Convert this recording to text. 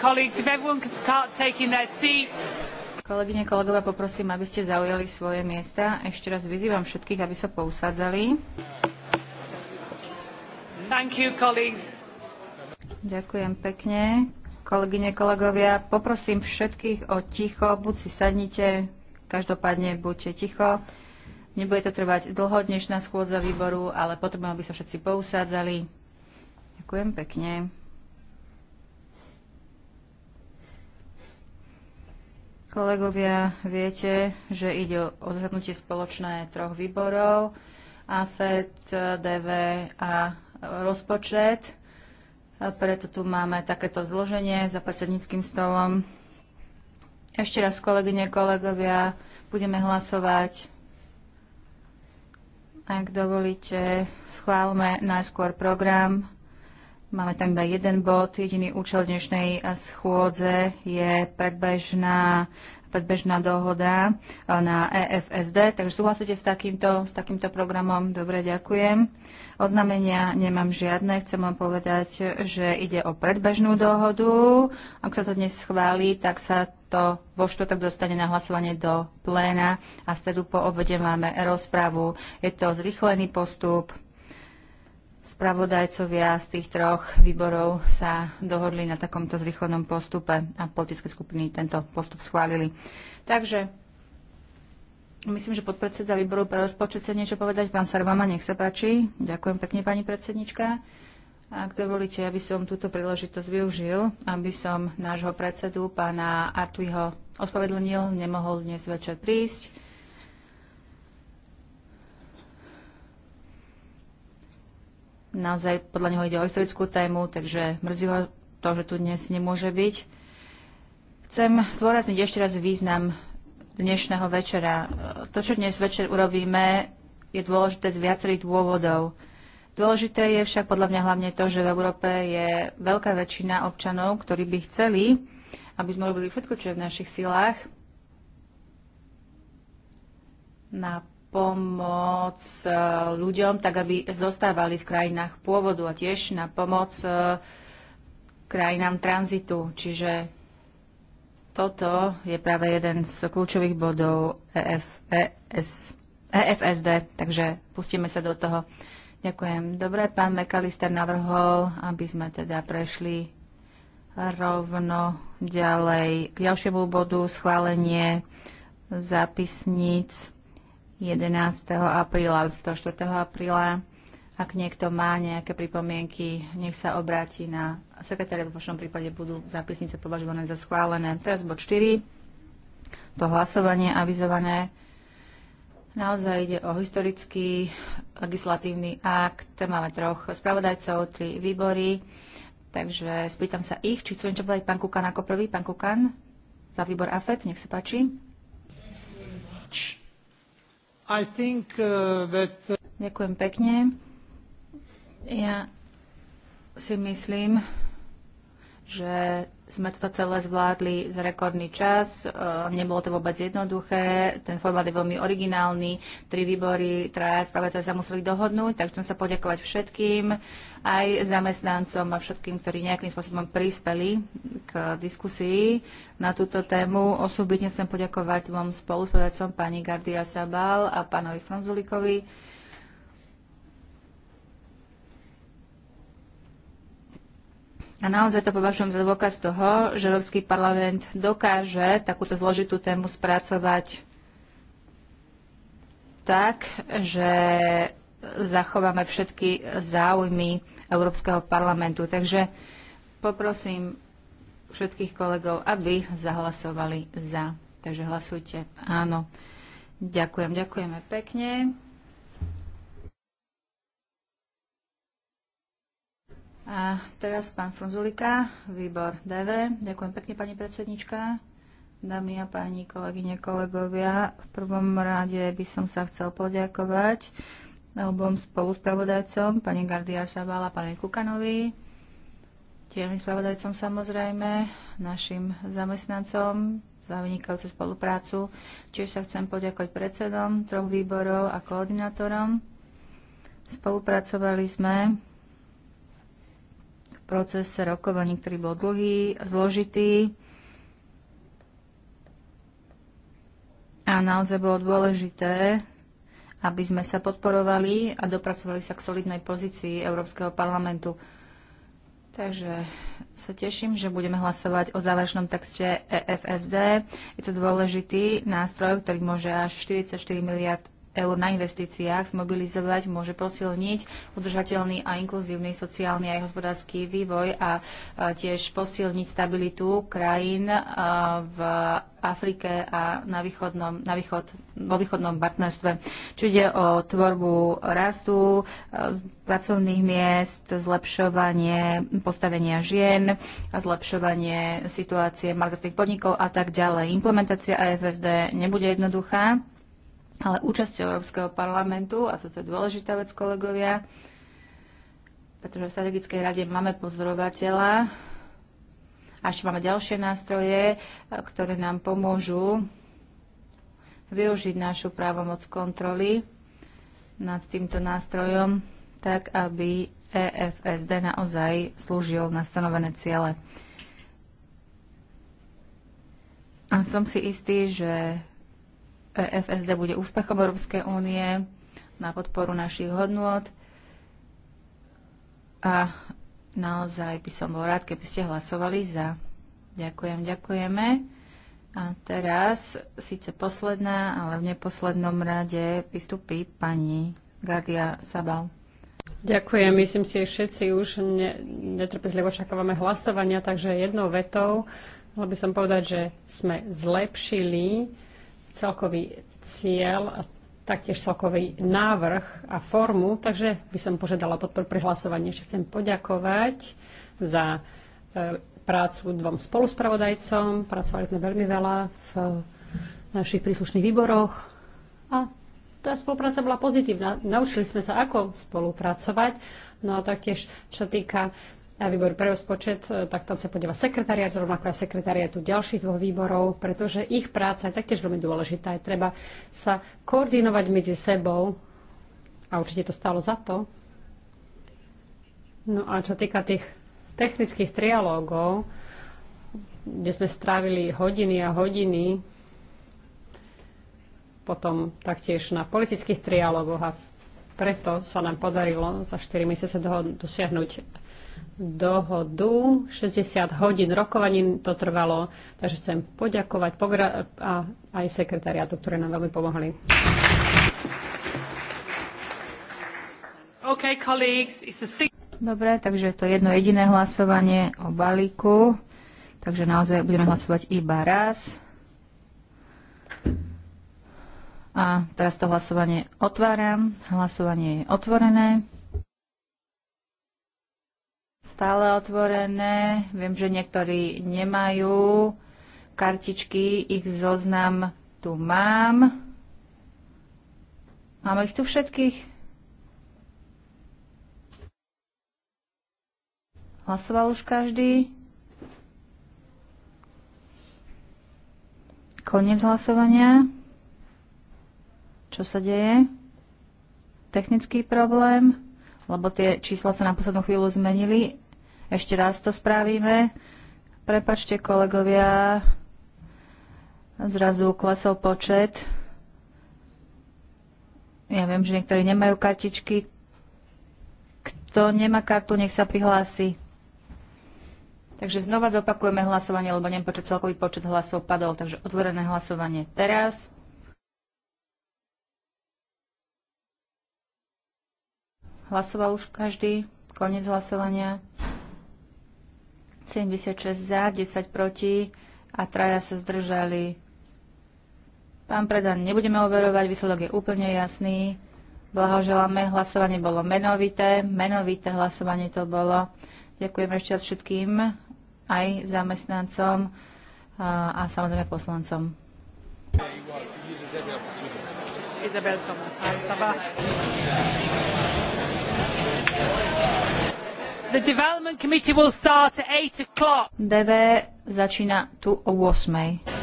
colleagues, if everyone could start taking their seats. Kolegyne, kolegovia, poprosím, aby ste zaujali svoje miesta. Ešte raz vyzývam všetkých, aby sa pousadzali. Thank you, colleagues. Ďakujem pekne. Kolegyne, kolegovia, poprosím všetkých o ticho, buď si sadnite, každopádne buďte ticho. Nebude to trvať dlho dnešná schôdza výboru, ale potrebujem, aby sa všetci pousádzali. Ďakujem pekne. Kolegovia, viete, že ide o zasadnutie spoločné troch výborov, AFED, DV a rozpočet. A preto tu máme takéto zloženie za predsedníckým stolom. Ešte raz, kolegyne, kolegovia, budeme hlasovať. Ak dovolíte, schválme najskôr program. Máme tam iba jeden bod. Jediný účel dnešnej schôdze je predbežná, predbežná dohoda e, na EFSD. Takže súhlasíte s takýmto, s takýmto programom? Dobre, ďakujem. Oznamenia nemám žiadne. Chcem vám povedať, že ide o predbežnú dohodu. Ak sa to dnes schváli, tak sa to vo štvrtok dostane na hlasovanie do pléna a stredu po obede máme rozpravu. Je to zrychlený postup Spravodajcovia z tých troch výborov sa dohodli na takomto zrýchlenom postupe a politické skupiny tento postup schválili. Takže myslím, že podpredseda výboru pre rozpočet chce niečo povedať. Pán Sarvama, nech sa páči. Ďakujem pekne, pani predsednička. Ak dovolíte, aby som túto príležitosť využil, aby som nášho predsedu, pána Artuiho, ospravedlnil, nemohol dnes večer prísť Naozaj podľa neho ide o historickú tému, takže mrzí ho to, že tu dnes nemôže byť. Chcem zdôrazniť ešte raz význam dnešného večera. To, čo dnes večer urobíme, je dôležité z viacerých dôvodov. Dôležité je však podľa mňa hlavne to, že v Európe je veľká väčšina občanov, ktorí by chceli, aby sme robili všetko, čo je v našich silách na pomoc eh, ľuďom, tak aby zostávali v krajinách pôvodu a tiež na pomoc eh, krajinám tranzitu. Čiže toto je práve jeden z kľúčových bodov EF, EFSD, e takže pustíme sa do toho. Ďakujem. Dobre, pán Mekalister navrhol, aby sme teda prešli rovno ďalej k ďalšiemu bodu schválenie zápisníc 11. apríla, 104. apríla. Ak niekto má nejaké pripomienky, nech sa obráti na sekretária, v vašom prípade budú zápisnice považované za schválené. Teraz bod 4, to hlasovanie avizované. Naozaj ide o historický legislatívny akt. Máme troch spravodajcov, tri výbory. Takže spýtam sa ich, či chcú niečo povedať pán Kukan ako prvý. Pán Kukan za výbor AFET, nech sa páči. Č Uh, uh, Ďakujem pekne. Ja si myslím, že sme toto celé zvládli za rekordný čas. E, nebolo to vôbec jednoduché. Ten formát je veľmi originálny. Tri výbory, traja spravodajcovia sa museli dohodnúť, tak chcem sa poďakovať všetkým, aj zamestnancom a všetkým, ktorí nejakým spôsobom prispeli k diskusii na túto tému. Osobitne chcem poďakovať vám spoluspodajcom pani Gardia Sabal a pánovi Fronzulikovi A naozaj to považujem za dôkaz toho, že Európsky parlament dokáže takúto zložitú tému spracovať tak, že zachováme všetky záujmy Európskeho parlamentu. Takže poprosím všetkých kolegov, aby zahlasovali za. Takže hlasujte áno. Ďakujem, ďakujeme pekne. A teraz pán Frunzulika, výbor DV. Ďakujem pekne, pani predsednička. Dámy a páni, kolegyne, kolegovia, v prvom rade by som sa chcel poďakovať obom spoluspravodajcom, pani Gardia Šabala, pani Kukanovi, tiež spravodajcom samozrejme, našim zamestnancom za vynikajúcu spoluprácu. Čiže sa chcem poďakovať predsedom troch výborov a koordinátorom. Spolupracovali sme proces rokovaní, ktorý bol dlhý, zložitý a naozaj bolo dôležité, aby sme sa podporovali a dopracovali sa k solidnej pozícii Európskeho parlamentu. Takže sa teším, že budeme hlasovať o záverečnom texte EFSD. Je to dôležitý nástroj, ktorý môže až 44 miliard eur na investíciách zmobilizovať môže posilniť udržateľný a inkluzívny sociálny aj hospodársky vývoj a tiež posilniť stabilitu krajín v Afrike a na, východnom, na východ, vo východnom partnerstve. Či ide o tvorbu rastu, pracovných miest, zlepšovanie postavenia žien, zlepšovanie situácie marketing podnikov a tak ďalej. Implementácia AFSD nebude jednoduchá ale účasť Európskeho parlamentu, a toto je dôležitá vec, kolegovia, pretože v strategickej rade máme pozorovateľa a ešte máme ďalšie nástroje, ktoré nám pomôžu využiť našu právomoc kontroly nad týmto nástrojom, tak aby EFSD naozaj slúžil na stanovené ciele. A som si istý, že PFSD bude úspechom Európskej únie na podporu našich hodnôt a naozaj by som bol rád, keby ste hlasovali za. Ďakujem, ďakujeme. A teraz, síce posledná, ale v neposlednom rade vystupí pani Gardia Sabal. Ďakujem. Myslím si, že všetci už ne, netrpezlivo očakávame hlasovania, takže jednou vetou, ale by som povedať, že sme zlepšili celkový cieľ a taktiež celkový návrh a formu, takže by som požiadala podporu pri hlasovaní. Ešte chcem poďakovať za e, prácu dvom spoluspravodajcom. Pracovali sme veľmi veľa v našich príslušných výboroch a tá spolupráca bola pozitívna. Naučili sme sa, ako spolupracovať. No a taktiež, čo týka výbor pre rozpočet, e, tak tam sa podieva sekretariat, rovnako aj sekretariatu ďalších dvoch výborov, pretože ich práca je taktiež veľmi dôležitá. Je treba sa koordinovať medzi sebou a určite to stalo za to. No a čo týka tých technických trialógov, kde sme strávili hodiny a hodiny, potom taktiež na politických trialógoch a preto sa nám podarilo za 4 mesiace dosiahnuť dohodu. 60 hodín rokovaní to trvalo, takže chcem poďakovať a aj sekretariátu, ktoré nám veľmi pomohli. Okay, colleagues, it's a Dobre, takže to je jedno jediné hlasovanie o balíku. Takže naozaj budeme hlasovať iba raz. A teraz to hlasovanie otváram. Hlasovanie je otvorené. Stále otvorené. Viem, že niektorí nemajú kartičky, ich zoznam tu mám. Máme ich tu všetkých? Hlasoval už každý? Koniec hlasovania čo sa deje. Technický problém, lebo tie čísla sa na poslednú chvíľu zmenili. Ešte raz to spravíme. Prepačte, kolegovia, zrazu klesol počet. Ja viem, že niektorí nemajú kartičky. Kto nemá kartu, nech sa prihlási. Takže znova zopakujeme hlasovanie, lebo neviem počet celkový počet hlasov padol. Takže otvorené hlasovanie teraz. Hlasoval už každý. Konec hlasovania. 76 za, 10 proti a traja sa zdržali. Pán Predan, nebudeme overovať, výsledok je úplne jasný. Blahoželáme, hlasovanie bolo menovité, menovité hlasovanie to bolo. Ďakujem ešte všetkým, aj zamestnancom a, a samozrejme poslancom. Isabel Thomas. The development committee will start at 8 o'clock. DV začína tu o 8.